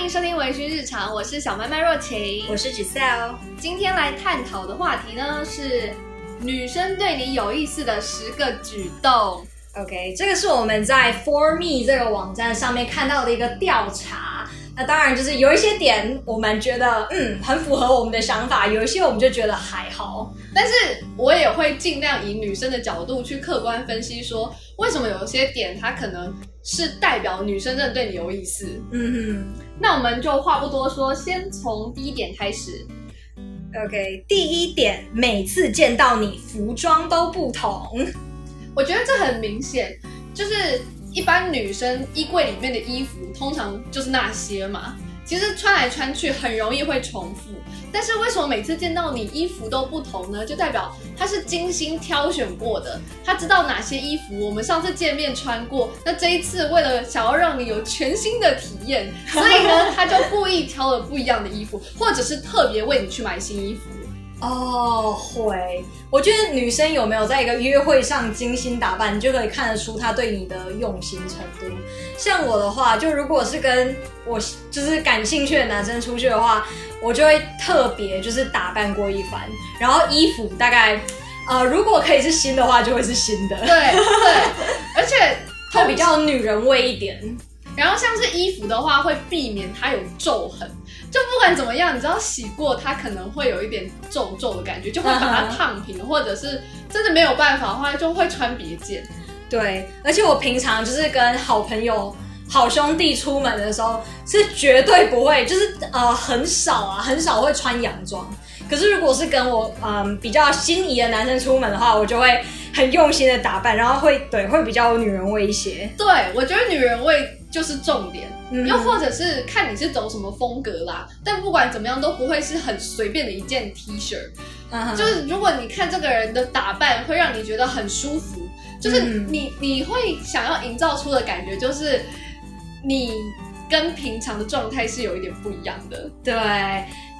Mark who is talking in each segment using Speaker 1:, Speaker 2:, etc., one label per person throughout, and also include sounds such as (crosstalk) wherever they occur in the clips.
Speaker 1: 歡迎收聽《微醺日常》，我是小麥麥若晴，我是 Giselle。今天來探討的話題呢是女生對你有意思的十個舉
Speaker 2: 動。OK，這個是我們在 4MEEE 這個網站上面看到的一個調查。那當然就是有一些點我們覺得嗯很符合我們的想法，有一
Speaker 1: 些我們就覺得還好。但是我也會盡量以女生的角度去客觀分析說，說為什麼有一些點它可能是代表女生真的對你有意思。嗯哼。那我們就話不多說，先從第一點開始。OK，第一點，每次見到你，服裝都不同。我覺得這很明顯，就是一般女生衣櫃裡面的衣服通常就是那些嘛，其實穿來穿去很容易會重複。但是為什麼每次見到你衣服都不同呢？就代表他是精心挑選過的，他知道哪些衣服我們上次見面穿過，那這一次為了想要讓你有全新的體驗，所以呢，他就故意挑了不一樣的衣服，或者是特別為你去買新衣服。
Speaker 2: 哦，會。我覺得女生有
Speaker 1: 沒有在一個約會上精心打
Speaker 2: 扮，你就可以看得出她對你的用心程度。像我的話，就如果是跟我就是感興趣的男生出去的話，我就會特別就是打扮過一番，然後衣服大概，呃，如果可以是新的話，就會是新的。對，對。 (laughs) 而且會比較女人味一點。然
Speaker 1: 後像是衣服的話，會避免它有皺痕。就不管怎麼樣，你只要洗過它可能會有一點皺皺的感覺，就會把它燙平，uh huh. 或者是真的沒有辦法的話，就會穿別件。
Speaker 2: 對，而且我平常就是跟好朋友、好兄弟出門的時候，是絕對不會，就是呃很少啊，很少會穿洋裝。可是如果是跟我嗯、呃、比較心儀的男生出門的話，我就會很用心的打扮，然後會。對，會比較有女人味一些。
Speaker 1: 對，我覺得女人味就是重點。又或者是看你是走什麼風格啦，嗯、但不管怎麼樣都不會是很隨便的一件 T 恤，shirt, 嗯、哼，就是如果你看這個人的打扮會讓你覺得很舒服，就是你、嗯、你會想要營造出的感覺就是你跟平常的狀態是有一點不一樣的。
Speaker 2: 對，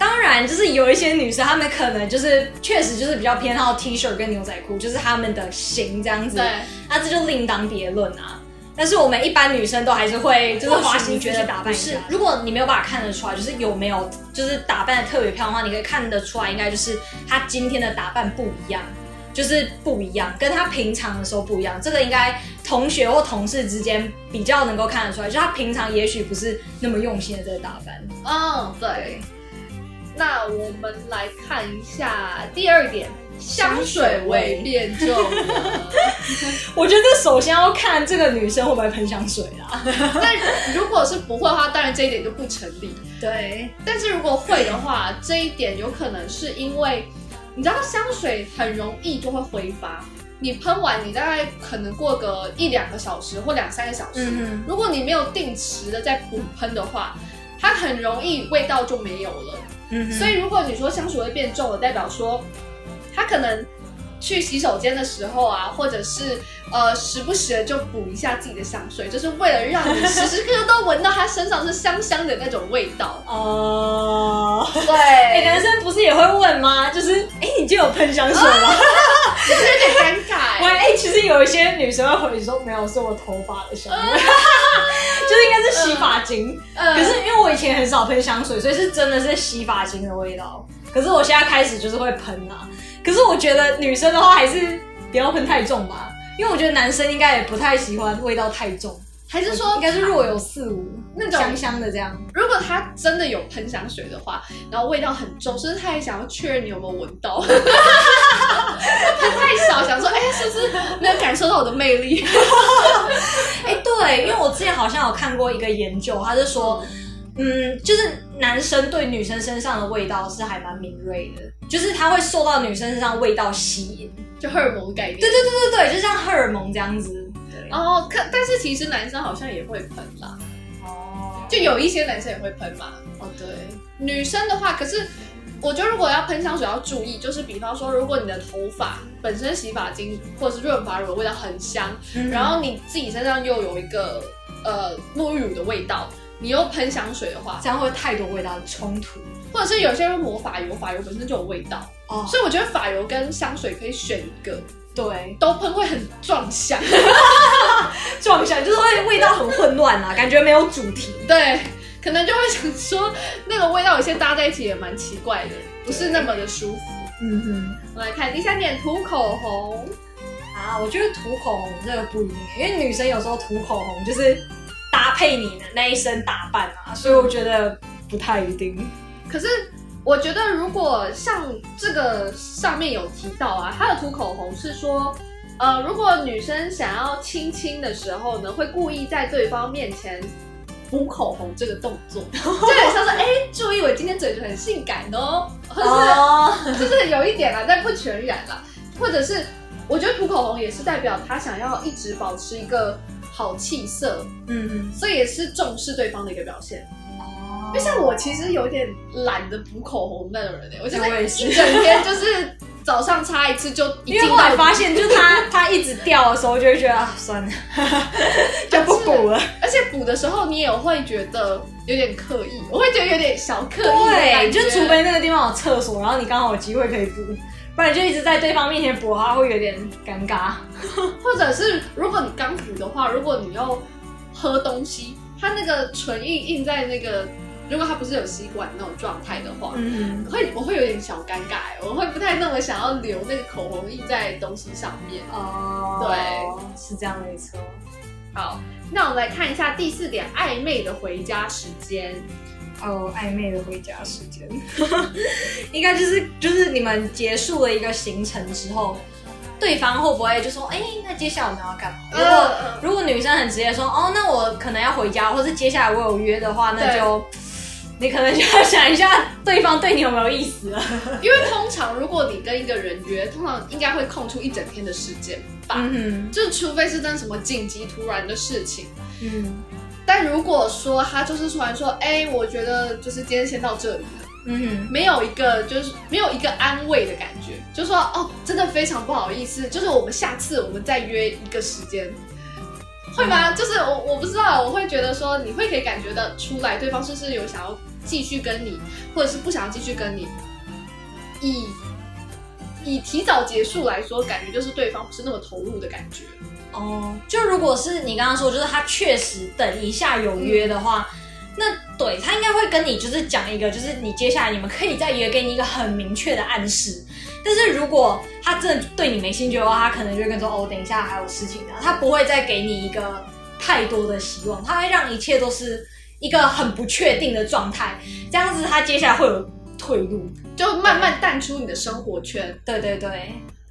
Speaker 2: 當然就是有一些女生她們可能就是確實就是比較偏好 T 恤跟牛仔褲，就是她們的型這樣子，對，那、啊、這就另當別論啊。但是我們一般女生都還是會就是花心覺得打扮是，如果你沒有辦法看得出來，就是有沒有就是打扮得特別漂亮的話，你可以看得出來應該就是她今天的打扮不一樣，就是不一樣，跟她平常的時候不一樣。這個應該同學或同事之間比較能夠看得出來，就她平常也許不是那麼用心的在打扮。
Speaker 1: 嗯、哦，對。那我們來看一下第二點。
Speaker 2: 香水，香水味變重， (laughs) 我覺得首先要看這個女生會不會噴香水啊
Speaker 1: (laughs) 但如果是不會的話，當然這一點就不成立。對，但是如果會的話，嗯、這一點有可能是因為你知道香水很容易就會揮發，你噴完，你大概可能過個一兩個小時或兩三個小時，嗯、哼如果你沒有定時的在補噴的話，嗯、哼它很容易味道就沒有了。嗯、哼所以如果你說香水味變重了，代表說。他可能去洗手間的時候啊，或者是呃時不時的就補一下自己的香水，就是為了讓你時時刻刻都聞到他身上是香香的那種味道。哦對，
Speaker 2: 哎、欸，男生不是也會問嗎？就是哎、欸，你今天有噴香水嗎？哦、 (laughs) 就是有點感慨，欸。其實有一些女生會回說沒有，是我頭髮的香味，嗯、 (laughs) 就是應該是洗髮精。嗯嗯、可是因為我以前很少噴香水，所以是真的是洗髮精的味道。可是我現在開始就是會噴啊，可是我覺得女生的話還是不要噴太重吧，因為我覺得
Speaker 1: 男生應該也不太喜歡味道太重，還是說應該是若
Speaker 2: 有似無那種香
Speaker 1: 香的這樣。如果他真的有噴香水的話，然後味道很重，是不是他還想要確認你有沒有聞到？
Speaker 2: 哈他 (laughs) (laughs) 太少，想
Speaker 1: 說哎、欸，是不是沒有感受到我
Speaker 2: 的魅力？哎、 (laughs) 欸，對，因為我之前好像有看過一個研究，他是說，嗯，就是。男生對女生身上的味道是還蠻敏銳的，就是他會受到女生身上味道吸引，就荷爾蒙的概念。對對對對對，就像荷爾蒙
Speaker 1: 這樣子。對哦，可但是其實男生好像也會噴啦。哦，就有一些男生也會噴嘛。哦，對。女生的話，可是我覺得如果要噴香水要注意，就是比方說，如果你的頭髮本身洗髮精或者是潤髮乳的味道很香，嗯哼，然後你自己身上又有一個呃沐浴乳的味道。你又噴香水的話，這樣會太多味道的衝突，或者是有些人抹髮油，髮油本身就有味道哦，oh. 所以我覺得髮油跟香水可以選一個，對，都噴會很撞香， (laughs) 撞香對就是會味道很混亂啊，對感覺沒有主題，對，可能就會想說那個味道有些搭在一起也蠻奇怪的，對不是那麼的舒服。嗯哼，我來看第三點，塗口紅啊，我覺得塗口
Speaker 2: 紅這個不一定，因為女生有時候塗口紅就是。搭配你的那一身打扮啊，啊所以我覺得不太一定。
Speaker 1: 可是我覺得，如果像這個上面有提到啊，他的塗口紅是說，呃，如果女生想要親親的時候呢，會故意在對方面前塗口紅這個動作，就很像說，哎、 (laughs) 欸，注意我今天嘴唇很性感哦，就是、oh. 就是有一點了、啊，但不全然了、啊，或者是我覺得塗口紅也是代表她想要一直保持一個。好氣色，嗯，所以也是重視對方的一個表現。哦，就像我其實有點懶得補口紅那種人誒、欸，我也是一整天就是早上擦一次就一，因為後來發現就它它 (laughs) 一直掉的時候，就會覺得啊算了，
Speaker 2: (laughs) 就不補了。
Speaker 1: 而且補的時候你也會覺得有點刻意，我會覺得有點小刻意的感覺。對，就除非
Speaker 2: 那個地方有廁所，然後你剛好有機會可以補。不然就一直在對方面前補，的話會有點尷尬。
Speaker 1: 或者是如果你剛補的話，如果你要喝東西，它那個唇印，印在那個，如果它不是有吸管那種狀態的話，嗯嗯，我會我會有點小尷尬、欸，我會不太那麼想要留那個口紅印在東西上面。哦，對，是這樣沒錯。好，那我們來看一下第四點，曖昧的回家時間。哦，oh, 曖昧的回家時間，
Speaker 2: (laughs) 應該就是就是你們結束了一個行程之後，對方會不會就說，哎、欸，那接下來我們要幹
Speaker 1: 嘛？
Speaker 2: 如果 uh, uh, 如果女生很直接說，哦，那我可能要回家，或是接下來我有約的話，那就對你可能就要想一下對方對你有沒有意思了。
Speaker 1: 因為通常如果你跟一個人約，通常應該會空出一整天的時間吧，嗯、哼就除非是真什麼緊急突然的事情，嗯。但如果說他就是突然說，哎、欸，我覺得就是今天先到這裡，嗯哼，沒有一個就是沒有一個安慰的感覺，就是、說哦，真的非常不好意思，就是我們下次我們再約一個時間，會嗎？嗯、就是我我不知道，我會覺得說你會可以感覺得出來，對方是不是有想要繼續跟你，或者是不想要繼續跟你，以以提早結束來說，感覺就是對方不是那麼投入的感覺。
Speaker 2: 哦，oh, 就如果是你剛剛說，就是他確實等一下有約的話，嗯、那對他應該會跟你就是講一個，就是你接下來你們可以再約，給你一個很明確的暗示。但是如果他真的對你沒興趣的話，他可能就會跟說哦，等一下還有事情、啊，他不會再給你一個太多的希望，他會讓一切都是一個很
Speaker 1: 不確定的狀態，這樣子他接下來會有退路，就慢慢淡出你的生活圈。對對對。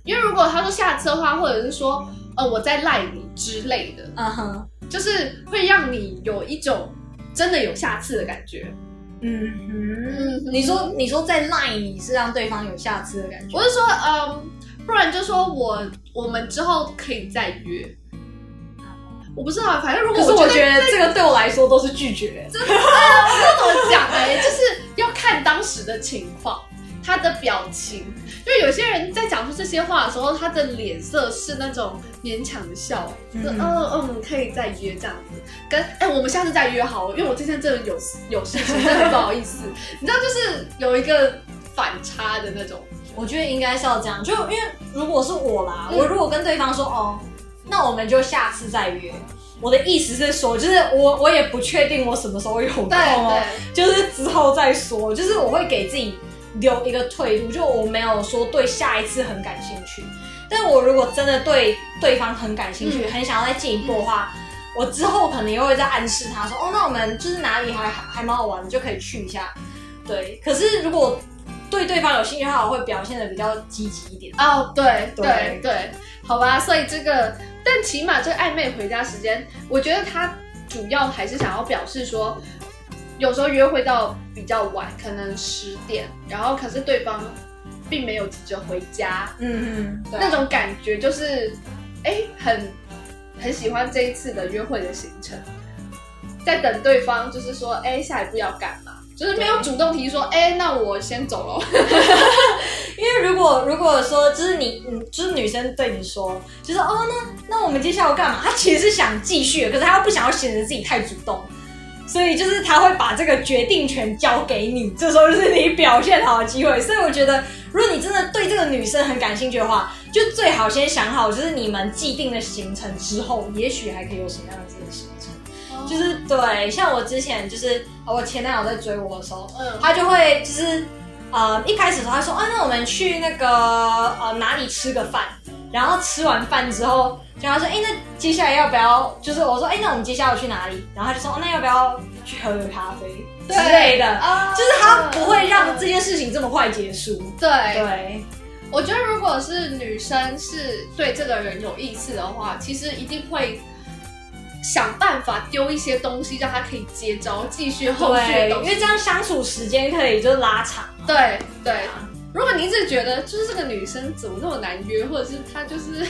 Speaker 1: 因為如果他說下次的話，或者是說，呃，我再賴你之類的，嗯哼、uh-huh. 就是會讓你有一種真的有下次的感覺，嗯
Speaker 2: 哼，你說
Speaker 1: 你說再賴你是讓對方有下次的感覺。我是說，呃，不然就說我我們之後可以再約，我不知道，反正如果我可是我覺得這個對我來
Speaker 2: 說都是拒絕。
Speaker 1: (laughs) 真的、啊，我怎麼講呢、欸？就是要看當時的情況。他的表情，就有些人在講出這些話的時候，他的臉色是那種勉強的笑，就是、嗯嗯，嗯，可以再約這樣子，跟哎、欸，我們下次再約好了，因為我今天真的有有事情，真的不好意思， (laughs) 你知道，就是有一個反差的那種。
Speaker 2: 我覺得應該是要這樣，就因為如果是我啦，嗯、我如果跟對方說哦，那我們就下次再約。我的意思是說，就是我我也不確定我什麼時候有空、啊，對對對，就是之後再說，就是我會給自己。留一個退路，就我沒有說對下一次很感興趣，但我如果真的對對方很感興趣，嗯、很想要再進一步的話，嗯、我之後可能也會再暗示他說，哦，那我們就是哪裡還還蠻好玩，就可以去一下，
Speaker 1: 對。可是如
Speaker 2: 果對對方有興趣的話，我會表現得比較積極一
Speaker 1: 點。哦，對對對，對，好吧，所以這個，但起碼這曖昧回家時間，我覺得他主要還是想要表示說。有時候約會到比較晚，可能十點，然後可是對方並沒有急着回家，嗯嗯，對那種感覺就是，哎、欸，很很喜歡這一次的約會的行程，在等對方，就是說，哎、欸，下一步要幹嘛？就是沒有主動提說，哎對、欸，那我先走了。
Speaker 2: (laughs) (laughs) 因為如果如果說，就是你、嗯，就是女生對你說，就是哦，那那我們接下來要幹嘛？她其實是想繼續，可是她又不想要顯得自己太主動。所以就是他會把這個決定權交給你，這時候就是你表現好的機會。所以我覺得，如果你真的對這個女生很感興趣的話，就最好先想好，就是你們既定的行程之後，也許還可以有什麼樣子的行程。哦、就是對，像我之前就是我前男友在追我的時候，嗯、哎呦，他就會就是。呃，一開始他說，啊，那我們去那個呃哪裡吃個飯，然後吃完飯之後，然後他說，欸，那接下來要不要，就是我說，欸，那我們接下來要去哪裡？然後他就說，哦，那要不要去喝個咖
Speaker 1: 啡對之類的？嗯，就是他不會讓
Speaker 2: 這件事情這麼快結束。對，對，
Speaker 1: 我覺得如果是女生是對這個人有意思的話，其實一定會。想辦法丟一些東西，讓他可以接招，繼續後續。因為這樣
Speaker 2: 相處時間可以就拉長、
Speaker 1: 啊對。對對，嗯、如果你一直覺得就是這個女生怎麼那麼難約，或者是她就是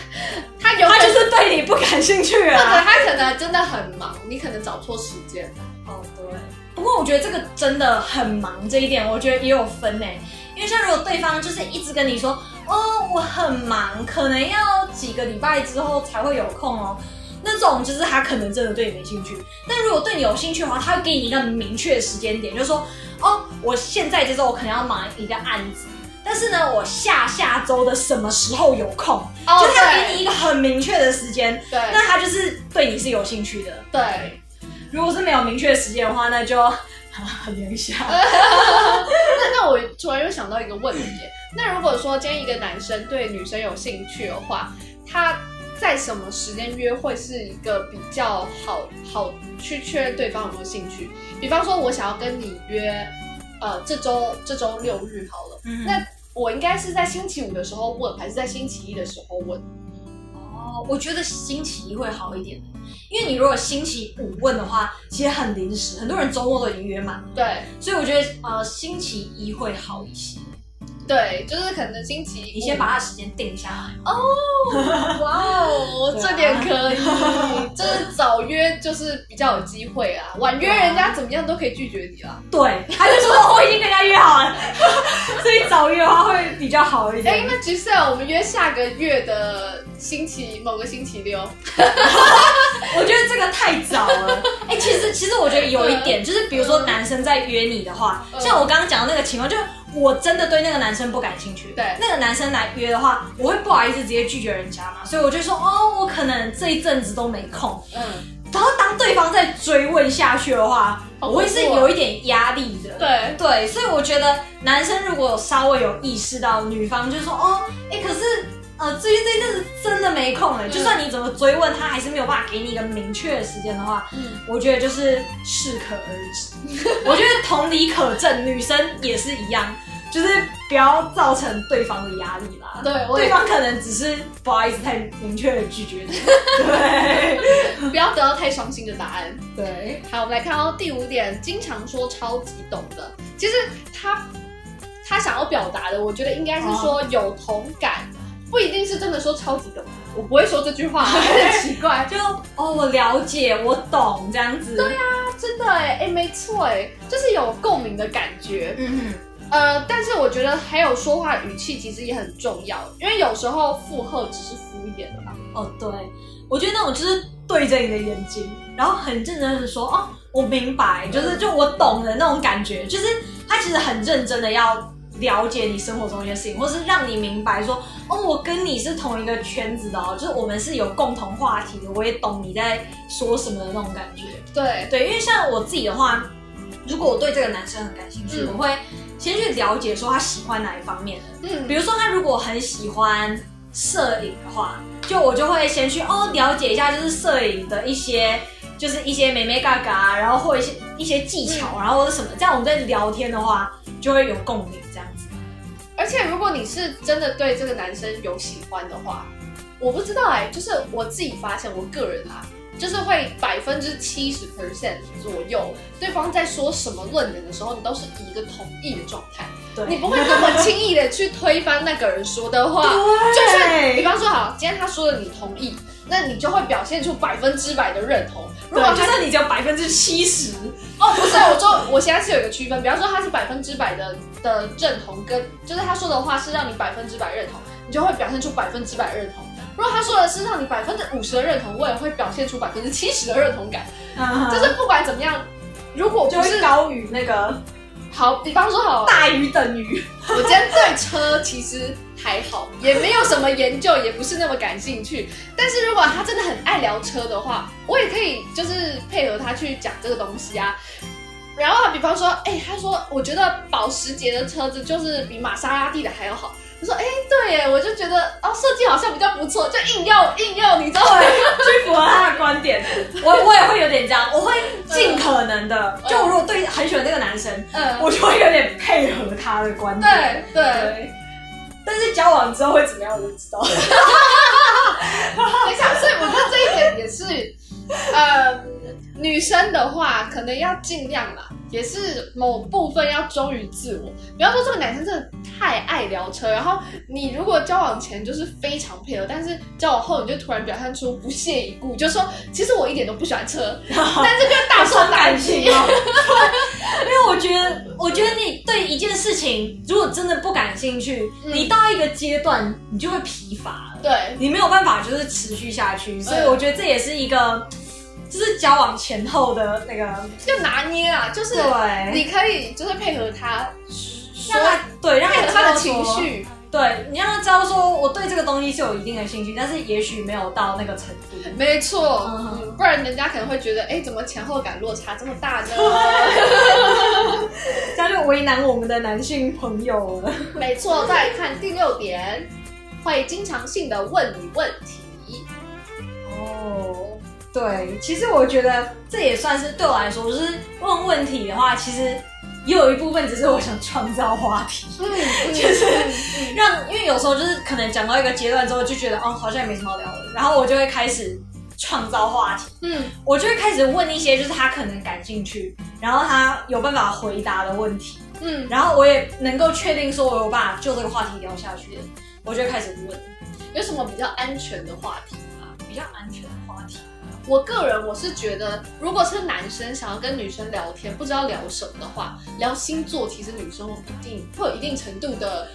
Speaker 1: 她有，她就是對你不感興趣啊，或者她可能真的很忙，你可能找錯時間。哦，對。不
Speaker 2: 過我覺得這個真的很忙這一點，我覺得也有分誒，因為像如果對方就是一直跟你說哦，我很忙，可能要幾個禮拜之後才會有空哦。那種就是他可能真的對你沒興趣，但如果對你有興趣的話，他會給你一個明確的時間點，就是說，哦，我現在接受，我可能要忙一個案子，但是呢，我下下周的什麼時候有空，Okay. 就他給你一個很明確的時間，那對他就是對你是有興趣的。對，如果是沒有明確的時間的話，那就
Speaker 1: 聯繫。啊、 (laughs) (laughs) 那那我突然又想到一個問題， (laughs) 那如果說今天一個男生對女生有興趣的話，他。在什麼時間約會是一個比較好好去確認對方有沒有興趣？比方說，我想要跟你約，呃，這週這週六日好了。嗯，那我應該是在星期五的時候問，還是在星期一的時候問？哦，我覺得星期
Speaker 2: 一會好一點，因為你如果星期五問的話，其實很臨時，很多人周末都已經
Speaker 1: 約滿了。對，
Speaker 2: 所以我覺得呃，星期一會好一些。
Speaker 1: 對，就是可能星期，你先把他的時間定下來。哦、oh, wow, (laughs) 啊，哇哦，這點可以， (laughs) 就是早約就是比較有機會啦。晚約人家怎麼樣都可以拒絕你啦。
Speaker 2: 對，還是說我已經跟人家約好了， (laughs) 所以早約的話會
Speaker 1: 比較好一點。哎，那 Jules 我們約下個月的星期某個星期六。
Speaker 2: (laughs) (laughs) 我覺得這個太早了。哎，其實其實我覺得有一點，對就是比如說男生在約你的話，嗯、像我剛剛講的那個情況，就。我真的對那個男生不感興趣。對，那個男生來約的話，我會不好意思直接拒絕人家嘛，所以我就說哦，我可能這一陣子都沒空。嗯，然後當對方再追問下去的話，我會是有一點壓力的。啊，對對，所以我覺得男生如果稍微有意識到女方，就說哦，哎，欸，可是。呃，最近、啊、這陣子真的沒空哎、欸，嗯、就算你怎麼追問，他還是沒有辦法給你一個明確的時間的話，嗯、我覺得就是適可而止。 (laughs) 我覺得同理可證，女生也是一樣，就是不要造成對方的壓力啦。對，對方可能只是不好意思太明確的拒絕你。
Speaker 1: 對，不要得到太傷心的答案。對，好，我們來看到第五點，經常說超級懂的，其實他他想要表達的，我覺得應該是說有同感。不一定是真的說超級懂，我不會說這句話，很奇怪。 (laughs) 就
Speaker 2: 哦，我了解，我懂這樣子。對呀、
Speaker 1: 啊，真的哎，沒錯哎，就是有共鳴的感覺。嗯嗯哼。呃，但是我覺得還有說話語氣其實也很重要，因為有時候附和只是敷衍的吧。哦，對，我覺得那
Speaker 2: 種就是對着你的眼睛，然後很認真的說：“哦，我明白，就是就我懂的那種感覺。”就是他其實很認真的要。了解你生活中的一些事情，或是讓你明白說，哦，我跟你是同一個圈子的哦，就是我們是有共同話題的，我也懂你在說什麼的那種感覺。對對，因為像我自己的話，如果我對這個男生很感興趣，嗯、我會先去了解說他喜歡哪一方面的。嗯，比如說他如果很喜歡攝影的話，就我就會先去哦了解一下，就是攝影的一些，就是一些眉眉嘎嘎，然後或一些一些技巧，嗯、然後或者什麼，這樣我們在聊天的話就會有共鳴。
Speaker 1: 而且，如果你是真的對這個男生有喜歡的話，我不知道哎、欸，就是我自己發現，我個人啊，就是會百分之七十 percent 左右，對方在說什麼論點的時候，你都是以一個同意的狀態，對你不會那麼輕易的去推翻那個人說的話。對就是比方說，好，今天他說了你同意，那你就會表現出百分之百的認同。如果覺得你叫百分之七十哦，不是，我說我現在是有一個區分， (laughs) 比方說他是百分之百的的認同跟，跟就是他說的話是讓你百分之百認同，你就會表現出百分之百認同。如果他說的是讓你百分之五十的認同，我也會表現出百分之七十的認同感。Uh huh. 就是不管怎麼樣，如果不是就是高於那個。好，比方說好大於等於。 (laughs) 我今天對車其實還好，也沒有什麼研究，也不是那麼感興趣。但是如果他真的很愛聊車的話，我也可以就是配合他去講這個東西啊。然後，比方說，哎，他說，我覺得保時捷的車子就是比瑪莎拉蒂的還要好。我說、欸、對耶，我就覺得哦，設計好像比較不錯，就硬要硬要，你知道哎，對 (laughs) 去符合他的
Speaker 2: 觀點。我我也會有點這樣，我會盡可能的，
Speaker 1: 對就如果對、嗯、很
Speaker 2: 喜歡這個男生，嗯，我就會有點配合他的觀點。對對，對。但是交往之後會怎麼樣，
Speaker 1: 我不知道。你想，所以我覺得這一點也是，呃，女生的話可能要盡量嘛，也是某部分要忠於自我，不要說這個男生真的。太愛聊車，然後你如果交往前就是非常配合，但是交往後你就突然表現出不屑一顧，就說其實我一點都不喜歡車，後但是就大受打錯感情。 (laughs) 因為我覺得，嗯、我覺得你對一
Speaker 2: 件事情如果真的不感興趣，嗯、你到一個階段你就會疲乏，對，你沒有辦法就是持續下去，所以我覺得這也是一個，就是交往前後的那個
Speaker 1: 就拿捏啊，就是對你可以就是配合他。說讓他對，讓他有他的情緒
Speaker 2: 緒。對，你讓他知道說，我對這個東西是有一定的興趣，但是也許沒有到那個程度。沒錯錯，
Speaker 1: 嗯、不然人家可能會覺得，哎、欸，怎麼前後感落差這麼大呢？ (laughs) (laughs) 這樣就為難我們的男性朋友了。沒錯，再來看第六點，會經常性的問你問題。哦，
Speaker 2: 對，其實我覺得這也算是對我來說，就是問問題的話，其實。也有一部分只是我想創造話題，嗯，嗯就是讓，因為有時候就是可能講到一個階段之後就覺得哦，好像也沒什麼聊的，然後我就會開始創造話題，嗯，我就會開始問一些就是他可能感興趣，然後他有辦法回答的問題，嗯，然後我也能夠確定說我有辦法就這個話題聊下去
Speaker 1: 的，我就會開始問。有什麼比較安全的話題嗎？
Speaker 2: 比較安全的話
Speaker 1: 題。我個人我是覺得，如果是男生想要跟女生聊天，不知道聊什麼的話，聊星座，其實女生一定會有一定程度的，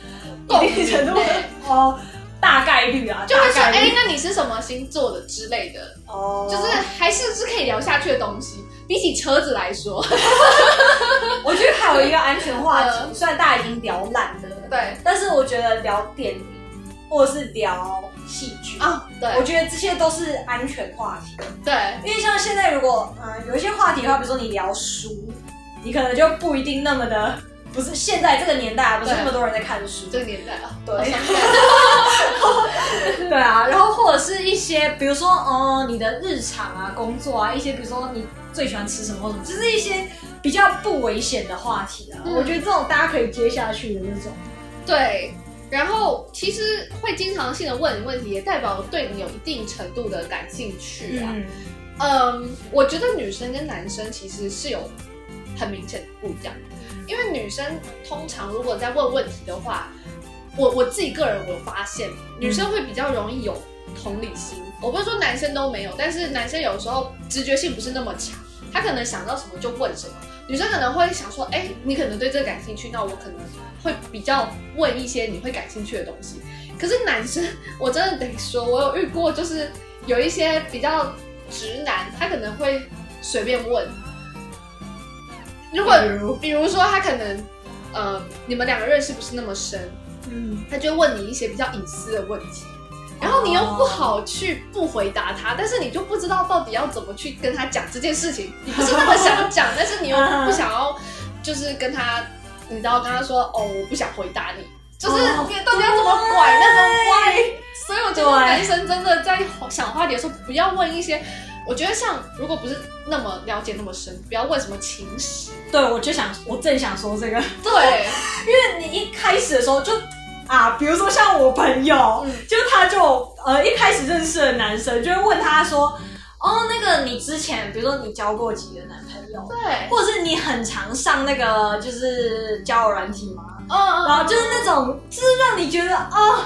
Speaker 1: 共鳴，一定程度的哦，
Speaker 2: 大概率啊，就會說哎、欸，那你是
Speaker 1: 什麼星座的之類的，哦，就是還是是可以聊下去的東西。比起車子來說， (laughs) 我覺得還有一個安
Speaker 2: 全話題，雖然、呃、大家已經聊爛了，對，但是我覺得聊電影或或是聊。戲劇啊，對，我覺得這些都是安全話題。對，因為像現在，如果嗯、呃、有一些話題的話，比如說你聊書，你可能就不一定那麼的，不是現在這個年代不是那麼多人在看書，這個年代啊，對，對啊，然後或者是一些比如說哦、呃、你的日常啊、工作啊，一些比如說你最喜歡吃什麼或什麼，就是一些比較不危
Speaker 1: 險的話題啊，嗯、我覺得這種大家可以接下去的那種，對。然後其實會經常性的問你問題，也代表對你有一定程度的感興趣啊。嗯，嗯，我覺得女生跟男生其實是有很明顯的不一樣，因為女生通常如果在問問題的話，我我自己個人我發現，女生會比較容易有同理心。嗯，我不是說男生都沒有，但是男生有時候直覺性不是那麼強，他可能想到什麼就問什麼。女生可能會想說，誒，你可能對這個感興趣，那我可能。會比較問一些你會感興趣的東西，可是男生我真的得說，我有遇過，就是有一些比較直男，他可能會隨便問。如果比如說他可能，呃，你們兩個認識不是那麼深，嗯，他就問你一些比較隱私的問題，然後你又不好去不回答他，oh. 但是你就不知道到底要怎麼去跟他講這件事情，你不是那麼想講，oh. 但是你又不想要，就是跟他。你知道，剛剛說哦，我不想回答你，就是、哦、你到底要怎麼拐，對那個歪？所以我覺得男生真的在想話題的時候，不要問一些，我覺得像如果不是那麼了解那麼深，不要問什麼情史。
Speaker 2: 對，我就想，我正想說這個。
Speaker 1: 對、哦，因為你一開始的時候就啊，比如說
Speaker 2: 像我朋友，嗯、就他就呃一開始認識的男生，就會問他說，哦，那個你之前，比如說你交過幾個男生？對，或者是你很常上那個就是交友軟體嗎？嗯嗯，然後就是那種，就是讓你覺得
Speaker 1: 啊、哦，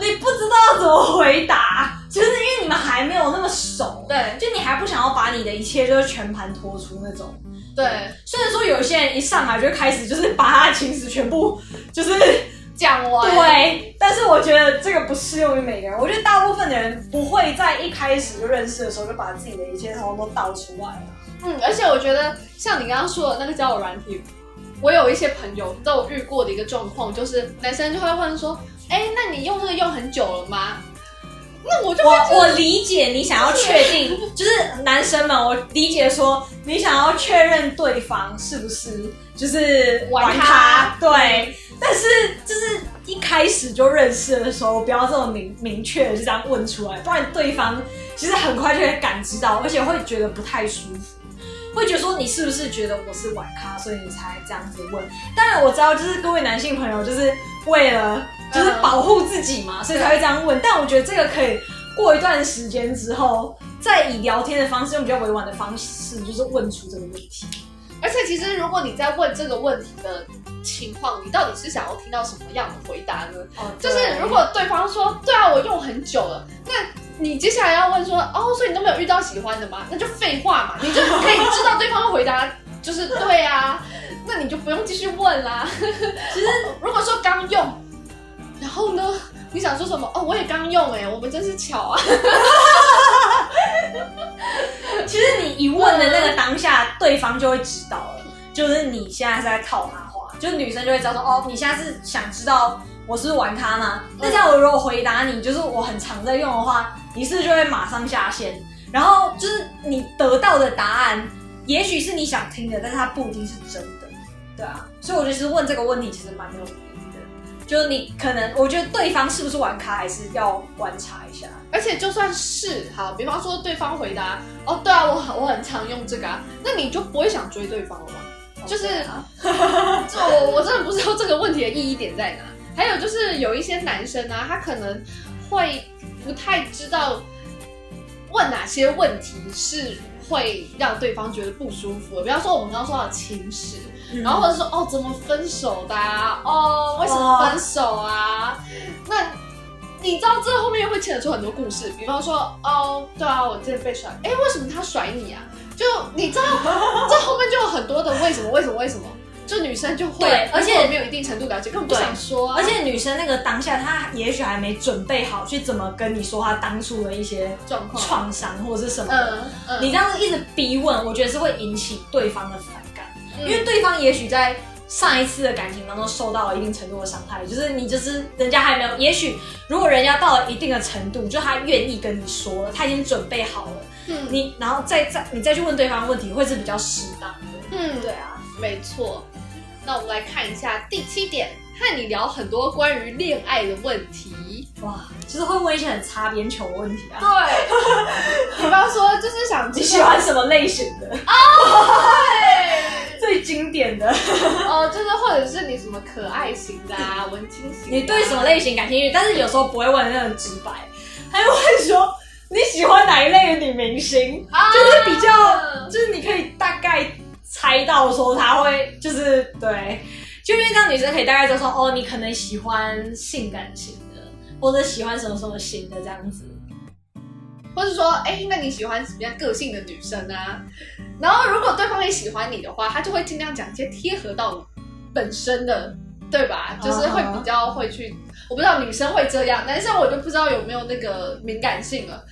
Speaker 1: 你不知道怎麼回答，
Speaker 2: 就是因為你們還沒有那麼熟，對， (laughs) 就你還不想要把你的一切就是全盤托出那種。
Speaker 1: 對，雖然說有些
Speaker 2: 人一上來就開始就是把他的情史全部就是講完，對，但是我覺得這個不適用於每個人，我覺得大部分的人不會在一開始就認識的時
Speaker 1: 候就把自己的一切通通都倒出來。嗯，而且我覺得像你剛剛說的那個交友軟體，我有一些朋友都遇過的一個狀況，就是男生就會問說：“哎、欸，那你用這個用很久了嗎？”那我就會我我理解你想要確定，且就
Speaker 2: 是男生們，我理解說你想要確認對方是不是就是玩他，對。他但是就是一開始就認識的時候，我不要這麼明明確的就這樣問出來，不然對方其實很快就會感知到，而且會覺得不太舒服。會覺得說你是不是覺得我是玩咖，所以你才這樣子問？當然我知道，就是各位男性朋友就是為了就是保護自己嘛，嗯、所以才會這樣問。對但我覺得這個可以過一段時間之後，再
Speaker 1: 以聊天的方式，用比較委婉的方式，就是問出這個問題。而且，其實如果你在問這個問題的情況，你到底是想要聽到什麼樣的回答呢？Oh, 對就是如果對方說“對啊，我用很久了”，那你接下來要問說“哦，所以你都沒有遇到喜歡的嗎？”那就廢話嘛，你就可以知道對方的回答就是“對啊”， (laughs) 那你就不用繼續問啦。其實、哦、如果說剛用，然後呢，你想說什麼？哦，我也剛用、欸，哎，我們真是巧啊。 (laughs)
Speaker 2: (laughs) 其實你一問的那個當下，對方就會知道了，就是你現在是在套他話，就是、女生就會知道說，哦，你現在是想知道我是玩他嗎？那這樣我如果回答你，就是我很常在用的話，你是不是就會馬上下線，然後就是你得到的答案，也許是你想聽的，但是它不一定是真的，對啊，所以我覺得問這個問題其實蠻有的。就是你可能，我覺得對
Speaker 1: 方是不是玩咖，還是要觀察一下。而且就算是好，比方說對方回答哦，對啊，我我很常用這個啊，那你就不會想追對方了嗎？Okay, 就是，
Speaker 2: 這、啊、 (laughs) 我我真的不知道這個
Speaker 1: 問題的意義點在哪。還有就是有一些男生啊，他可能會不太知道問哪些問題是。會讓對方覺得不舒服。比方說，我們剛剛說到情史，嗯、然後或者說哦，怎麼分手的、啊？哦，為什麼分手啊？哇那你知道這後面又會牽扯出很多故事。比方說，哦，對啊，我今天被甩，哎，為什麼他甩你啊？就你知道，這後面就有很多的為什麼，為什麼，為什麼。就女生就會，對，而且沒有一定程度了解，更不想說。對而且女生那個當下，她
Speaker 2: 也許還沒準備好去怎麼跟你說她當初的一些狀況、創傷或者是什麼。嗯嗯、
Speaker 1: 你這樣子一直
Speaker 2: 逼問，我覺得是會引起對方的反感，嗯、因為對方也許在上一次的感情當中受到了一定程度的傷害，就是你就是人家還沒有。也許如果人家到了一定的程度，就他願意跟你說了，他已經準備好了。嗯。
Speaker 1: 你然後再再你
Speaker 2: 再去問對方問題，會是比較適當
Speaker 1: 的。嗯，對啊，沒錯。那我們來看一下第七點，和你聊很多關於戀愛的問題。哇，其、就、實、是、會問一些很擦邊球的問題啊。對， (laughs) 比方說就是想你喜歡什麼類型的哦，oh, right.
Speaker 2: (laughs) 最經典的
Speaker 1: 哦，oh, 就是或者是你什麼可愛型的啊， (laughs) 文青型的、啊。你對什麼類
Speaker 2: 型感興趣？但是有時候不會問那種直白，
Speaker 1: 他會說你喜歡哪一類的
Speaker 2: 女明星？就是比較，oh. 就是你可以大概。猜到說他會就是對，就因為這樣女生可以大概就說哦，你可能喜歡性感型的，
Speaker 1: 或者喜歡什麼什麼型的這樣子，或者說哎、欸，那你喜歡什麼樣個性的女生啊？然後如果對方也喜歡你的話，他就會盡量講一些貼合到你本身的，對吧？啊、就是會比較會去，我不知道女生會這樣，男生我就不知道有沒有那個敏感性了。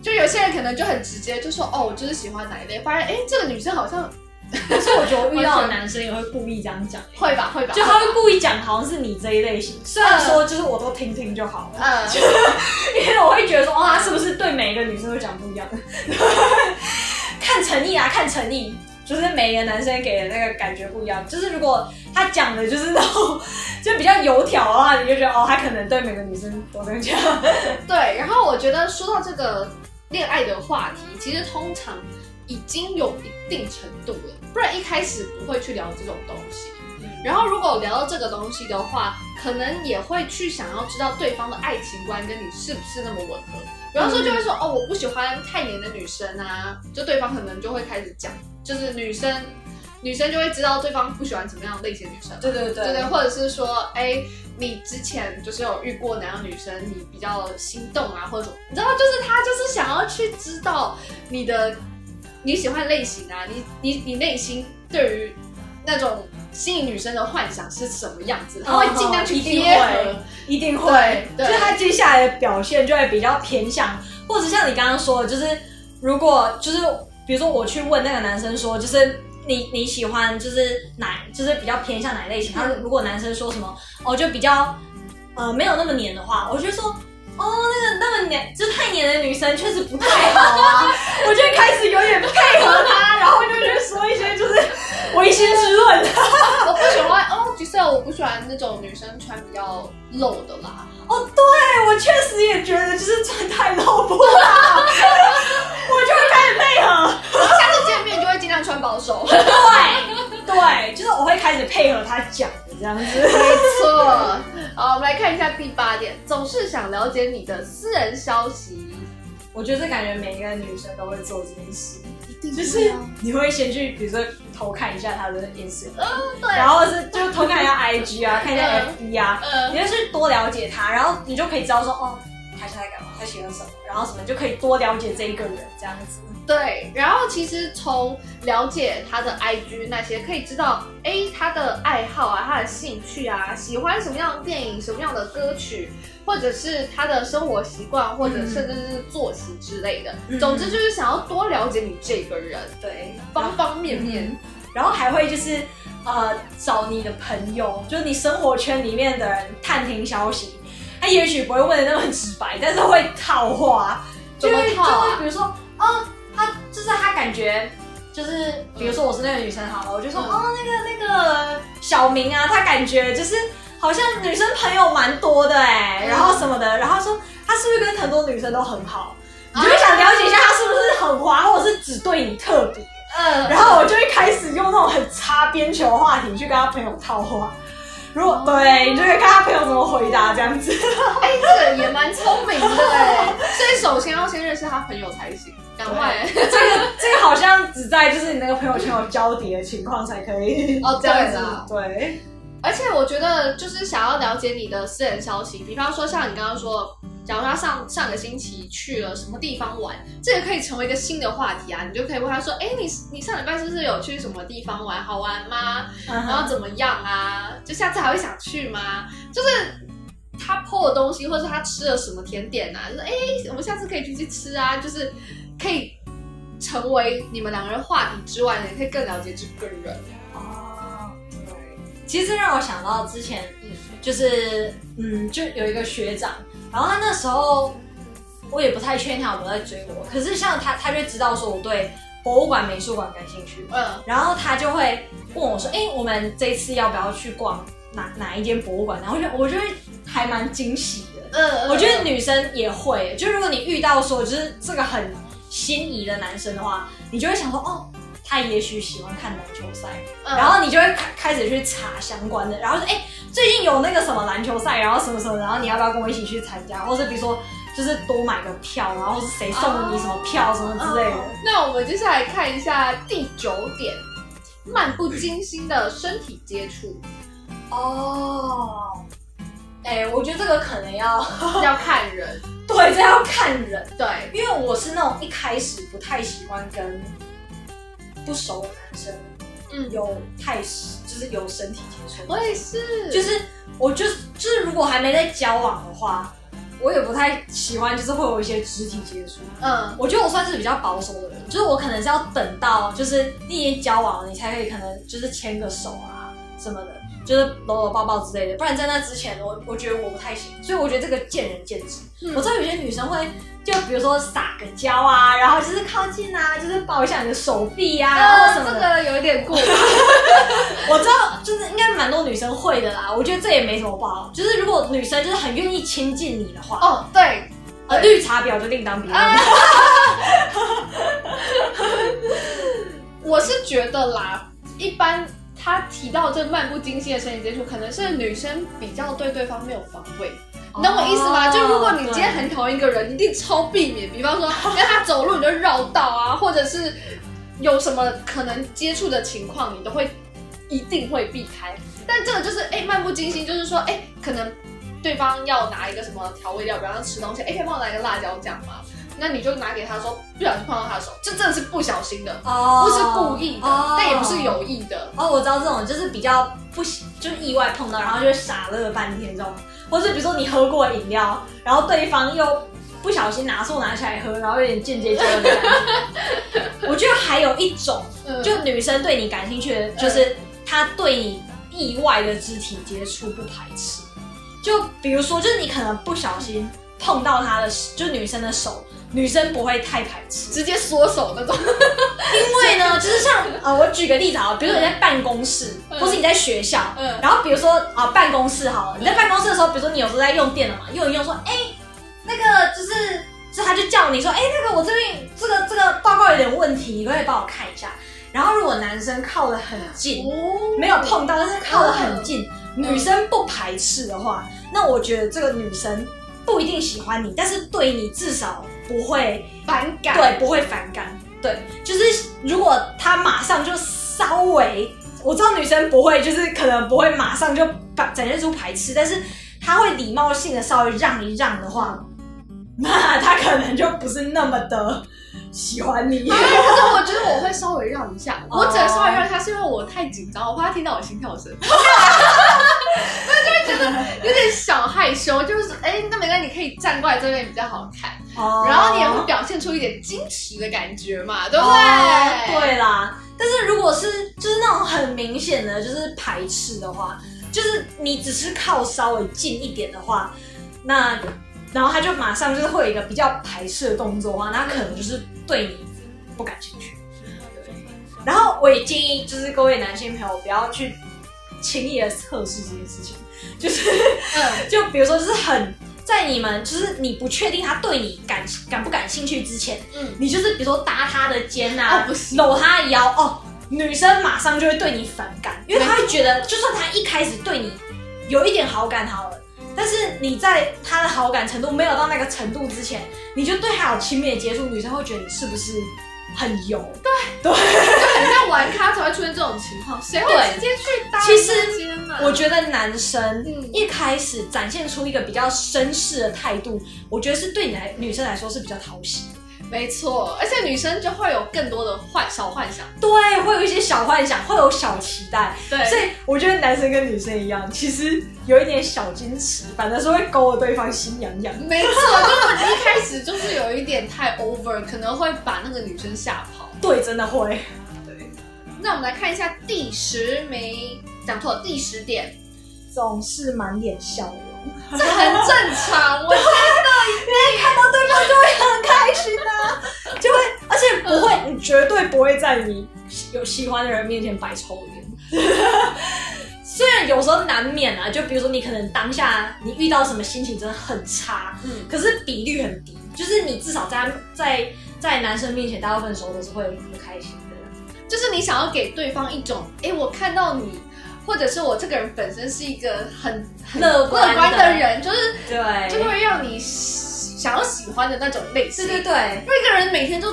Speaker 1: 就有些人可能就很直接就說哦，我就是喜歡哪一類，發現哎，這個女生好像。 (laughs) 所以我覺得遇到的
Speaker 2: 男生也會故意這樣講， (laughs)
Speaker 1: 會吧，會吧，就他會
Speaker 2: 故意講，好像是你這一類型。吧雖然說就是
Speaker 1: 我都聽聽就好了，呃、就因為我會覺得說，哇、哦，他是不是
Speaker 2: 對每一個女生都講不一樣的？ (laughs) 看誠意啊，看誠意，就是每一個男生給的那個感覺不一樣。就是如果他講的就是那種就比較油條的話，你就覺得哦，他可能對每個女生都這樣。
Speaker 1: 對，然後我覺得說到這個戀愛的話題，其實通常。已經有一定程度了，不然一開始不會去聊這種東西。然後如果聊到這個東西的話，可能也會去想要知道對方的愛情觀跟你是不是那麼吻合。嗯、比方說就會說哦，我不喜歡太黏的女生啊，就對方可能就會開始講，就是女生，女生就會知道對方不喜歡怎麼樣類型的女生。對對對對，對對或者是說，哎，你之前就是有遇過哪樣女生，你比較心動啊，或者什麼？你知道，就是他就是想要去知道你的。你喜歡類型啊？你你你內心對於那種吸引女生的幻想是什麼樣子？他會盡量去貼合，一定會。
Speaker 2: 就他接下來的表現就會比較偏向，或者像你剛剛說的，就是如果就是比如說我去問那個男生說，就是你你喜歡就是哪，就是比較偏向哪類型？嗯、他如果男生說什麼哦，就比較呃沒有那麼黏的話，我覺得說。哦，那個那麼黏，就是太黏的女生確實不太好啊。 (laughs) 我就開始有點配合她，然後就會說一些就是違心之論、嗯。我不喜歡
Speaker 1: 哦，橘色，我不喜歡那種女生穿比較露的啦。哦，
Speaker 2: 對，我確實也覺得就是穿太露不好。 (laughs) 我就會開始配合，
Speaker 1: (laughs) 下次見面就會盡量穿保守。對對，就是我會開始配合她講的這樣子，沒錯。好，我們來看一下第八點，總是想了解你的私人消息。我覺得這感覺每一個女生都會做這件事，一
Speaker 2: 定就是你會先去，比如說偷看一下他的 ins，嗯，對，然後是就偷看一下 ig 啊， (laughs) 就是、看一下 FB 啊，嗯嗯、你就去多了解他，然後你就可以知道說，哦，他
Speaker 1: 現在幹嘛，他喜歡什麼，然後什麼，就
Speaker 2: 可以多了解這一個人這樣子。
Speaker 1: 對，然後其實從了解他的 I G 那些，可以知道誒，他的愛好啊，他的興趣啊，喜歡什麼樣的電影、什麼樣的歌曲，或者是他的生活習慣，或者甚至是作息之類的。嗯、總之就是想要多了解你這個人，嗯、對，方方面面。然後，嗯、然後還會就是呃，
Speaker 2: 找你的朋友，就是你生活圈裡面的人探聽消息。他也許不會問的那麼直白，但是會套話，就會套、啊、會比如說啊。嗯就是他感覺，就是比如說我是那個女生好了，我就說哦，那個那個小明啊，他感覺就是好像女生朋友蠻多的哎，欸，然後什麼的，然後說他是不是跟很多女生都很好？你就想了解一下他是不是很花，或者是只對你特別？嗯。然後我就會開始用那種很擦邊球的話題去跟他朋友套話，如果對，你就看他朋友怎麼回答這樣子。哎，這個也蠻聰明的對，欸。所以首先要先認識他朋友才
Speaker 1: 行。趕趕快，這個這個好像
Speaker 2: 只在就是你那個朋友圈有交疊的情況才可以 (laughs) 哦，這樣子
Speaker 1: 對。而且我覺得就是想要了解你的私人消息，比方說像你剛剛說，假如他上上個星期去了什麼地方玩，這個可以成為一個新的話題啊。你就可以問他說：“哎，你你上禮拜是不是有去什麼地方玩？好玩嗎？然後怎麼樣啊？就下次還會想去嗎？就是他 PO 的東西，或者是他吃了什麼甜點啊。就是哎，我們下次可以出去吃啊，就是。”可以成為你們兩個人話題之外的，也可以更了解這個人。哦，對。其實讓我想到之前，嗯、就是嗯，就有一個學
Speaker 2: 長，然後他那時候對我也不太確定他有沒有在追我，可是像他，他就知道說我對博物館、美術館感興趣。嗯。然後他就會問我說：“哎、欸，我們這一次要不要去逛哪哪一間博物館？”然後我就，我就還蠻驚喜的。
Speaker 1: 嗯，嗯。我覺得女
Speaker 2: 生也會，就如果你遇到說，就是這個很。心儀的男生的話，你就會想說，哦，他也許喜歡看籃球賽，嗯、然後你就會開開始去查相關的，然後就是，哎，最近有那個什麼籃球賽，然後什麼什麼，然後你要不要跟我一起
Speaker 1: 去參加？或是比如說，就是多買個票，然後是誰送你什麼票、嗯、什麼之類的。那我們接下來看一下第九點，漫不經心的身體接觸。哦。哎、欸，我覺得這個可能要、
Speaker 2: 嗯、要看人，
Speaker 1: (laughs) 對，這要
Speaker 2: 看人，對，因為我是那種一開始不太喜歡跟不熟的男生，嗯，有太就是有身體接觸。我也是，就是我就是就是如果還沒在交往的話，我也不太喜歡，就是會有一些肢體接觸。嗯，我覺得我算是比較保守的人，就是我可能是要等到就是你交往了，你才可以可能就是牽個手啊什麼的，就是摟摟抱抱之類的，不然在那之前，我我覺得我不太行，所以我覺得這個見仁見智。嗯、我知道有些女生會，就比如說撒個嬌啊，然後就是靠近啊，就是抱一下你的手臂啊，嗯、什麼這個有點過。 (laughs) (laughs) 我知道，就是應該蠻多女生會的啦。我覺得這也沒什麼不好，就是如果女生就是很願意親近你的話，哦對，綠茶婊就另當別論。
Speaker 1: 我是覺得啦，一般。他提到這漫不經心的身體接觸，可能是女生比較對對方沒有防衛，你懂、oh, 我意思嗎？就如果你今天很討厭一個人，對一定超避免，比方說跟他走路你就繞道啊， (laughs) 或者是有什麼可能接觸的情況，你都會一定會避開。但這個就是哎漫、欸、不經心，就是說哎、欸、可能對方要拿一個什麼調味料，比方說吃東西，哎、欸、可以幫我拿一個辣椒醬嗎？那你就拿給他說，不小心碰到他的手，這真的是不小心的，不、哦、是故意的，哦、但也不是有意的。哦，我知道這種就是比
Speaker 2: 較不就意外碰到，然後就會傻樂半天這種，或是比如說你喝過飲料，然後對方又不小心拿錯拿起來喝，然後有點間接接吻。 (laughs) 我覺得還有一種，就女生對你感興趣的，的就是她對你意外的肢體接觸不排斥。就比如說，就是你可能不小心碰到她的，嗯、就女生的手。女生不會太排斥，直接縮手那種。因為呢，就是像啊、呃，我舉個例子啊，比如說你在辦公室，嗯、或是你在學校，然後比如說啊，辦公室好了，你在辦公室的時候，比如說你有時候在用電腦嘛，用一用說，說、欸、哎，那個就是，就他就叫你說，哎、欸，那個我這邊這個這個報告有點問題，你可以幫我看一下。然後如果男生靠得很近，沒有碰到，但是靠得很近，女生不排斥的話，那我覺得這個女生不一定喜歡你，但是對你至少。不會反感，對，不會反感，對，就是如果他馬上就稍微，我知道女生不會，就是可能不會馬上就把展現出排斥，但是他會禮貌性的稍微讓一讓的話，那他可能就不是那麼的。喜歡你、嗯，可是我覺得我
Speaker 1: 會稍微讓一下。Oh. 我只能稍微讓一下，是因為我太緊張，我怕他聽到我心跳聲，所以、oh. (laughs) 就會覺得有點小害羞。就是，哎、欸，那梅根，你可以站過來這邊比較好看，oh. 然後你也會表現出一點矜持的感覺嘛，oh. 對不對？Oh, 對啦。但是如果是就是那種很明顯的就是
Speaker 2: 排斥的話，就是你只是靠稍微近一點的話，那。然後他就馬上就是會有一個比較排斥的動作啊，那他可能就是對你不感興趣。然後我也建議就是各位男性朋友不要去輕易的測試這件事情，就是，嗯、就比如說是很在你們就是你不確定他對你感感不感興趣之前，嗯，你就是比如說搭他的肩吶、啊，哦不是，摟他的腰哦，女生馬上就會對你反感，因為她會覺得就算他一開始對你有一點好感，好。但是你在他的好感程度沒有到那個程度之前，你就對他有親密的接觸，女生會覺得你是不是很油？對
Speaker 1: 對，對就很像玩咖才會出現這種情況，誰會，會直接去搭，搭？其
Speaker 2: 實我覺得男生一開始展現出一個比較紳士的態度，我覺得是對你來對女生來說是比較討喜。
Speaker 1: 沒錯，而且女生就會有更多的幻小幻想，對，會有一
Speaker 2: 些小幻想，會有小期待，對，所以我覺得男生跟女生一樣，其實有一點小矜持，反正是會勾著對方心癢癢。沒錯，就是我
Speaker 1: 們一開始就是有一點太 over， (laughs) 可能會把那個女生嚇跑。
Speaker 2: 對，真的會。對，
Speaker 1: 那我們來看一下第十名，講錯了，第十點，總是滿臉笑的。這很，很正常， (laughs) 我看到一邊看到對方就會很開
Speaker 2: 心啊， (laughs) 就會，而且不會，Okay. 你絕對不會在你有喜歡的人面前擺臭臉。 (laughs) 雖然有時候難免啊，就比如說你可能當下你遇到什麼心情真的很差，嗯，可是比率很低，就是你至少在在在男生面前，大部分時候都是會很開心
Speaker 1: 的。就是你想要給對方一種，哎，我看到你。或者是我這個人本身是一個很很樂觀的人的就是對，就會讓你想要喜歡的那種類型。對對對，因為一個人每天都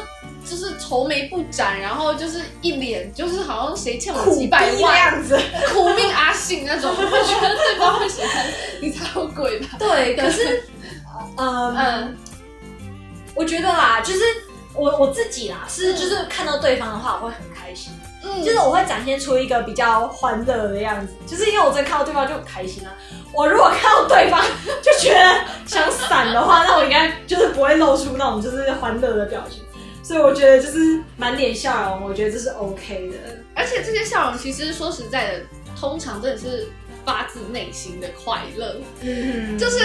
Speaker 1: 就是愁眉不展，然後就是一臉就是好像誰欠我幾百萬那樣子，苦命阿信那種，我 (laughs) 覺得對方會喜歡你超鬼吧？對，對可是，
Speaker 2: 嗯嗯，嗯我覺得啦，就是我我自己啦，嗯、是就是看到對方的話，我會很開心。嗯、就是我會展現出一個比較歡樂的樣子，就是因為我真的看到對方就很開心啊。我如果看到對方就覺得想閃的話，那我應該就是不會露出那種就是歡樂的表情。所以我覺得就是
Speaker 1: 滿臉笑容，我覺得這是 OK 的。而且這些笑容其實說實在的，通常真的是發自內心的快樂，嗯、就是。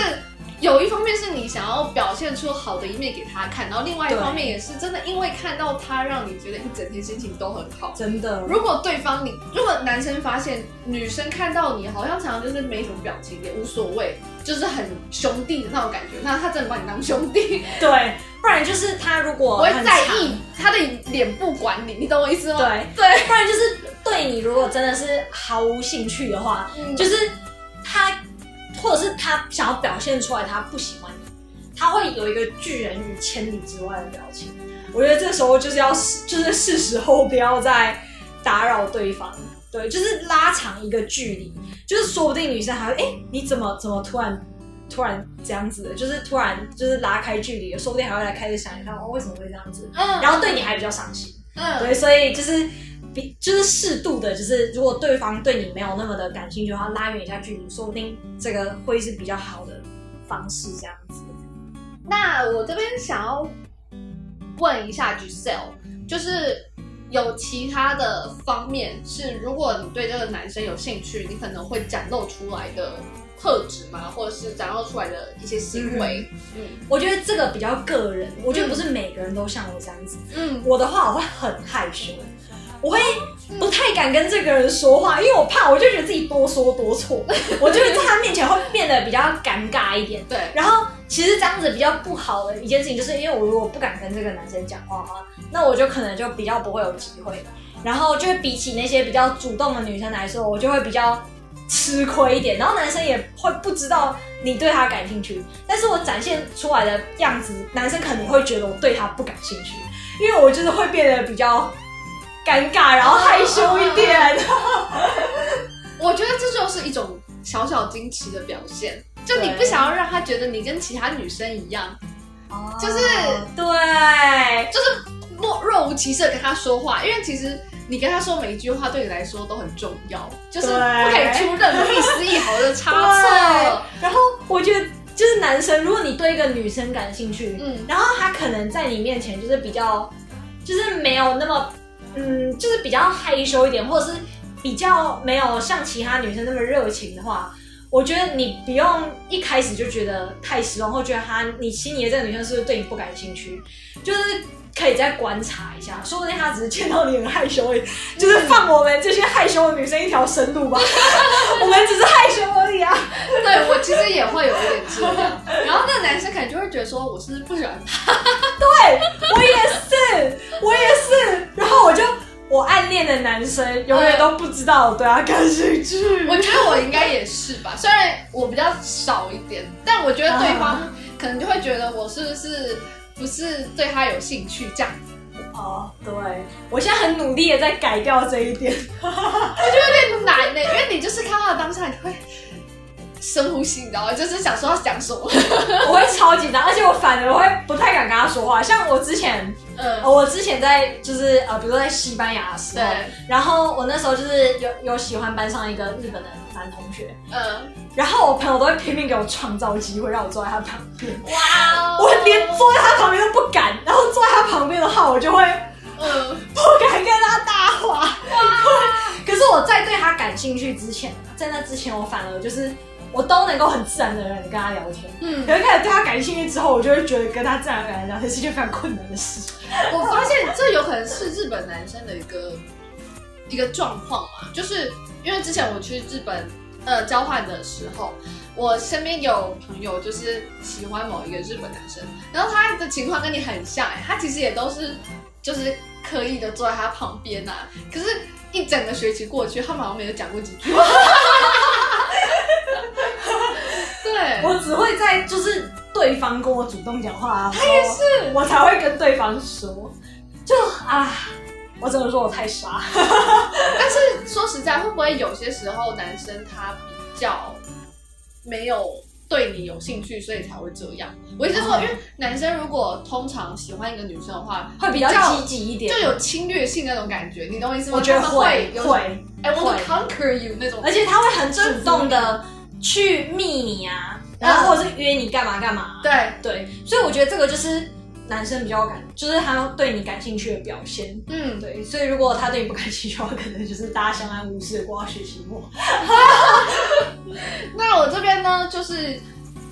Speaker 1: 有一方面是你想要表現出好的一面給他看，然後另外一方面也是真的，因為看到他讓你覺得一整天心情都很好，真的。如果對方你，如果男生發現女生看到你好像常常就是沒什麼表情，也無所謂，就是很兄弟的那種感覺，那他真的把你當兄弟。對，不然就是他如果我會在意他的臉部管理，你懂我意思嗎？對，對，不然就是對你如果真的是毫無興
Speaker 2: 趣的話，嗯、就是。或者是他想要表現出來他不喜歡你，他會有一個拒人於千里之外的表情。我覺得這時候就是要，就是是時候不要再打擾對方，對，就是拉長一個距離，就是說不定女生還會哎、欸，你怎麼怎麼突然突然這樣子，就是突然就是拉開距離，說不定還會來開始想一下哦，為什麼會這樣子，嗯，然後對你還比較傷心，嗯，對，所以就是。就是適度的，就是如果對方對你沒有那麼的感興趣，就要拉遠一下距離，說不定這個會是比較好的方式。這樣
Speaker 1: 子。那我這邊想要問一下 Giselle，就是有其他的方面是，如果你對這個男生有興趣，你可能會展露出來的特質嗎？或者是展露出來的一些行為？嗯，嗯，我覺得這個比較個人，我覺得不是每個人都像我這樣子。嗯，我的話
Speaker 2: 我會很害羞、欸。我會不太敢跟這個人說話，嗯，因為我怕，我就覺得自己多說多錯， (laughs) 我就會在他面前會變得比較尷尬一點。 (laughs) 對，然後其實這樣子比較不好的一件事情，就是因為我如果不敢跟這個男生講話的話，那我就可能就比較不會有機會。然後，就會比起那些比較主動的女生來說，我就會比較吃虧一點。然後，男生也會不知道你對他感興趣，但是我展現出來的樣子，男生可能會覺得我對他不感興趣，因為我就是會變得比較。尷尬，然後害羞一點。哦啊、
Speaker 1: (laughs) 我覺得這就是一種小小矜持的表現，對就你不想要讓他覺得你跟其他女生一樣，哦、就是對，就是若若無其事的跟他說話。因為其實你跟他說每一句話對你來說都很重要，就是不可以出任何一絲一毫的差錯對
Speaker 2: (laughs) 然後我覺得，就是男生，如果你對一個女生感興趣，嗯，然後他可能在你面前就是比較，就是沒有那麼。嗯，就是比較害羞一點，或者是比較沒有像其他女生那麼熱情的話，我覺得你不用一開始就覺得太失望，或覺得他你心儀的這個女生是不是對你不感興趣，就是可以再觀察一下，說不定他只是見到你很害羞而已，就是放我們這些害羞的女生一條生路吧，嗯、 (laughs) 我們只是害羞而已啊。對，我其實也會有點自卑，然後那個男
Speaker 1: 生可能就會覺得說，我是不喜歡他。對，我也是。 (laughs)
Speaker 2: 男生永遠都不知道我對他感興趣。
Speaker 1: 我覺得我應該也是吧，雖然我比較少一點，但我覺得對方可能就會覺得我是不是不是對他有興趣這樣、嗯、哦，對，
Speaker 2: 我現在很努力的在改掉這一點，
Speaker 1: (laughs) 我覺得有點難呢，因為你就是看他當下你會。深呼吸，你知道嗎？就是想說他想什麼，我會
Speaker 2: 超緊張，而且我反而我會不太敢跟他說話。像我之前，
Speaker 1: 嗯呃、我之前在
Speaker 2: 就是呃，比如說在西班牙的時候，對然後我那時候就是有有喜歡班上一個日本的男同學，
Speaker 1: 嗯、
Speaker 2: 然後我朋友都會拼命給我創造機會讓我坐在他旁邊，哇，我連坐在他旁邊都不敢，然後坐在他旁邊的話，我就會，嗯，不敢跟他搭話哇，可是我在對他感興趣之前，在那之前，我反而就是。我都能夠很自然的跟跟他聊天，嗯，
Speaker 1: 可是開始對他
Speaker 2: 感興趣之後，我就會覺得跟他自然，而然，而然，自然聊天是一件非常困難的事。
Speaker 1: 我發現這有可能是日本男生的一個一個狀況嘛，就是因為之前我去日本呃交換的時候，我身邊有朋友就是喜歡某一個日本男生，然後他的情況跟你很像哎，欸，他其實也都是就是刻意的坐在他旁邊吶，啊，可是一整個學期過去，他們好像沒有講過幾句話。 (laughs)
Speaker 2: 對我只會在就是
Speaker 1: 對方跟我主動講話，他也是我才會跟對方說，就啊，我只能說我太傻。 (laughs) 但是說實在，會不會有些時候男生他比較沒有對你有興趣，所以才會這樣？我一直說，嗯、因為男生如果通常喜歡一個女生的話，會比較積極一點，就有侵略性那種感覺，你懂我意思嗎？我覺得他們會有會，I want conquer you 會那種，而且他會很主動的。去密你啊，然後或者是約你幹嘛幹嘛、啊嗯？對對，
Speaker 2: 所以我覺得這個就是男生比較感，就是他要對你感興趣的表現。嗯，對。所以如果他對你不感興趣的話，可能就是大家相安無事，過要學習我。
Speaker 1: (laughs) (laughs) 那我這邊呢，就是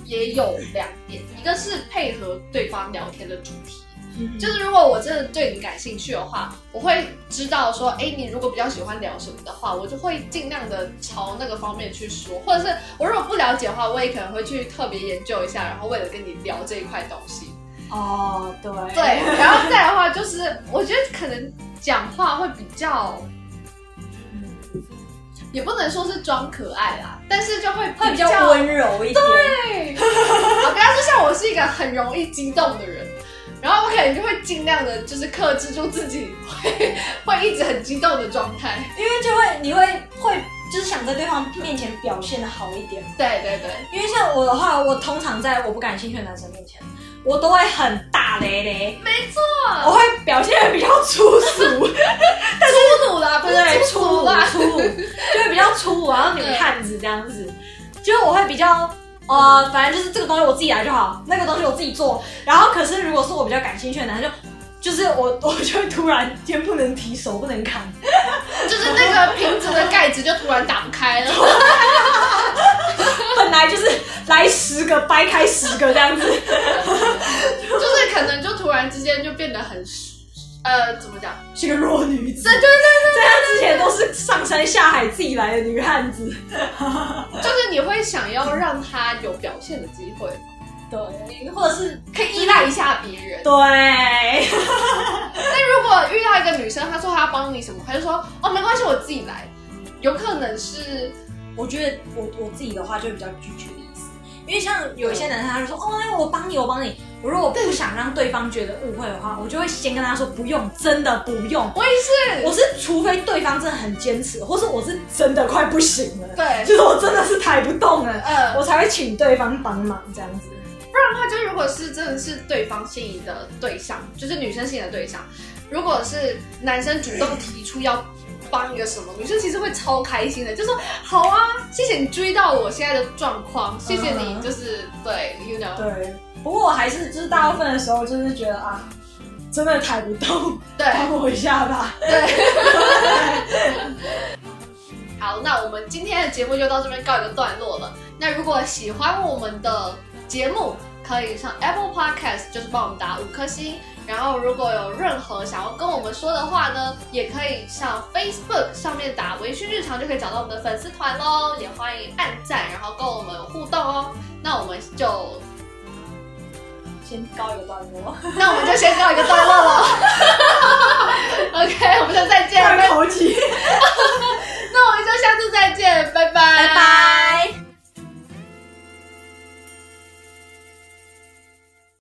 Speaker 1: 也有兩點，一個是配合對方聊天的主題。就是如果我真的對你感興趣的話，我會知道說，哎、欸，你如果比較喜歡聊什麼的話，我就會儘量的朝那個方面去說，或者是我如果不了解的話，我也可能會去特別研究一下，然後為了跟你聊這一塊東西。哦，對對，然後再來的話就是，我覺得可能講話會比較，也不能說是裝可愛啦，但是就會比較溫
Speaker 2: 柔一點。對，我跟他說， (laughs) okay, 像我
Speaker 1: 是一個很容易激動的人。然後我可能就會盡量的，就是克制住自己會，會會一直很激動的狀態，因為就會你會會就是想在對
Speaker 2: 方面前表現的好一點。嗯、對對對，因為像我的話，我通常在我不感興趣的男生面前，我都會很大咧咧。沒錯，我會表現得比較粗俗， (laughs) 太粗魯了，對不對？粗魯粗，粗，就會比較粗，然後女漢子這樣子，對就是我會比較。呃，反正就是這個東西我自己來就好，那個東西我自己做。然後，可是如果是我比較感興趣的男生，就就是我我就突然肩不能提，手不能扛，
Speaker 1: 就是那個瓶子的蓋子就突然打不開了。
Speaker 2: (laughs) (laughs) 本來就是來十個掰開十個這樣子，
Speaker 1: 就是可能就突然之間就變得很。呃，怎麼講？
Speaker 2: 是個弱女
Speaker 1: 子。對對對對，對，在之前都是上山下海自己來的女漢子。 (laughs) 就是你會想要讓她有表現的機會，嗯、對，或者是可以依賴一下別人。
Speaker 2: 對。
Speaker 1: (laughs) 那如果遇到一個女生，她說她要幫你什麼，她就說哦，沒關係，我自己來。有可能是，
Speaker 2: 我覺得我我自己的話就會比較拒絕的意思，因為像有一些男生，他就說對哦，我幫你我幫你。我我如果不想讓對方覺得誤會的話，對我就會先跟他說，不用，真的不用。我也是，我是除非對方真的很堅持，或是我是真的快不行了，對，就是我真的是抬不
Speaker 1: 動了，嗯、呃，我才會請對方幫忙這樣子。不然的話，就如果是真的是對方心儀的對象，就是女生心儀的對象，如果是男生主動提出要幫一個什麼，對女生其實會超開心的，就是說好啊，謝謝你追到我現在的狀況，呃、謝謝你，就是對，you know，對。不過我還是就是大，大部分的時候就是覺得啊，真的抬不動，對，抬我一下吧。對， (laughs)
Speaker 2: 對
Speaker 1: 好，那我們今天的節目就到這邊告一個段落了。那如果喜歡我們的節目，可以上 Apple Podcast，就是幫我們打五顆星。然後如果有任何想要跟我們說的話呢，也可以上 Facebook 上面打“微醺日常”，就可以找到我們的粉絲團嘍。也歡迎按讚，然後跟我們互動哦。那我們就。先告一個段落，那我們就先告一個段落了。OK，我們就再見了，了口 (laughs) 那我們就下次再見，拜拜，拜拜。